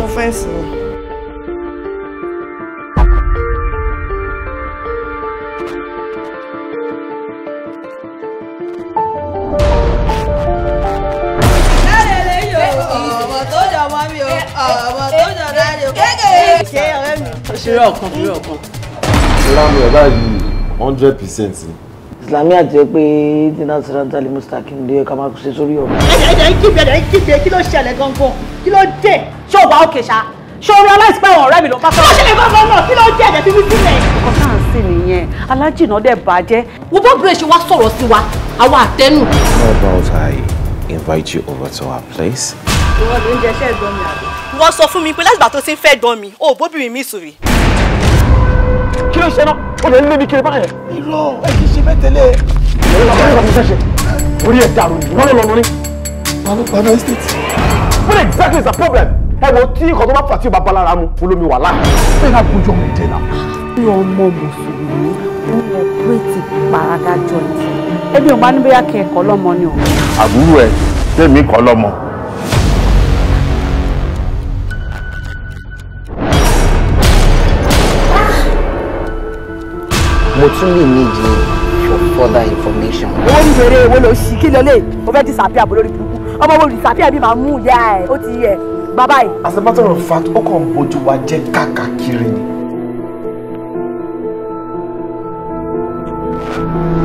confesse ni. ṣeré ọ̀kan ṣeré ọ̀kan. ìlànà ọ̀la yìí hundred percent ni. islami àti ẹ pé dina sirantali mustakim de ẹ ká máa ṣe sórí ọ̀gá. ẹ̀jẹ̀ ẹ̀jẹ̀ kí bẹ̀rẹ̀ kí bẹ̀rẹ̀ kí ló ṣẹlẹ̀ gangan kí ló dé ṣé ò wá òkè ṣá ṣé o realize pé àwọn ọ̀rẹ́ mi ló bá fẹ́. ọ̀ṣẹ̀ lè gbọ́dọ̀ náà kí ló jẹ́ ẹ̀jẹ̀ tí mi sílẹ̀. ọkọ náà sì nìyẹn alájìnà dẹ̀ bàjẹ́. wo bó bèrè ṣe wá sọ̀rọ̀ sí wa àwa àtẹnu. How about I invite you over to our place? ìwọ ló ń jẹ iṣẹ́ ẹ̀gbọ́n mi àbí. ìwọ sọ fún mi pé láti ìgbà tó ti ń fẹ́ gbọ́n mi ò bóbìnrin mi sùn rí. kí ló ṣe náà obìnrin lé mi kiri báyẹn. irọ́ ẹ kì í ṣe bẹ́ẹ̀ tẹ́lẹ̀. ìwọ ló ń bá mi ṣẹ̀ṣẹ̀ orí ẹ̀ dàrú ìwọ ló lọ́nu ní. panupalu estate. What exactly is the problem? ẹ wo tí nǹkan tó bá fà tí ò bá bá lára mu fún lómi wà láàyè. bẹ́ẹ̀ náà kújọ́ mi jẹ́ náà. bí ọmọ mùsùlùmí ń yẹ pírẹ́tì parada joint ẹbí ò bá ní bóyá kẹ ẹ̀kọ́ lọ́mọ ni o. àbúrò ẹ tèmi kọ́ lọ́mọ. mo tún lè ní ju further information. owó ní wèrè èwo ló ṣì kí lọ lè mo fẹ́ disappear àbò lórí burúkú ọmọ wo disappear bí màá mú ìyá ẹ̀ ó ti yẹ bàbá yìí. as a matter of fact ó kàn bójú wa jẹ́ káàkiri ni. thank you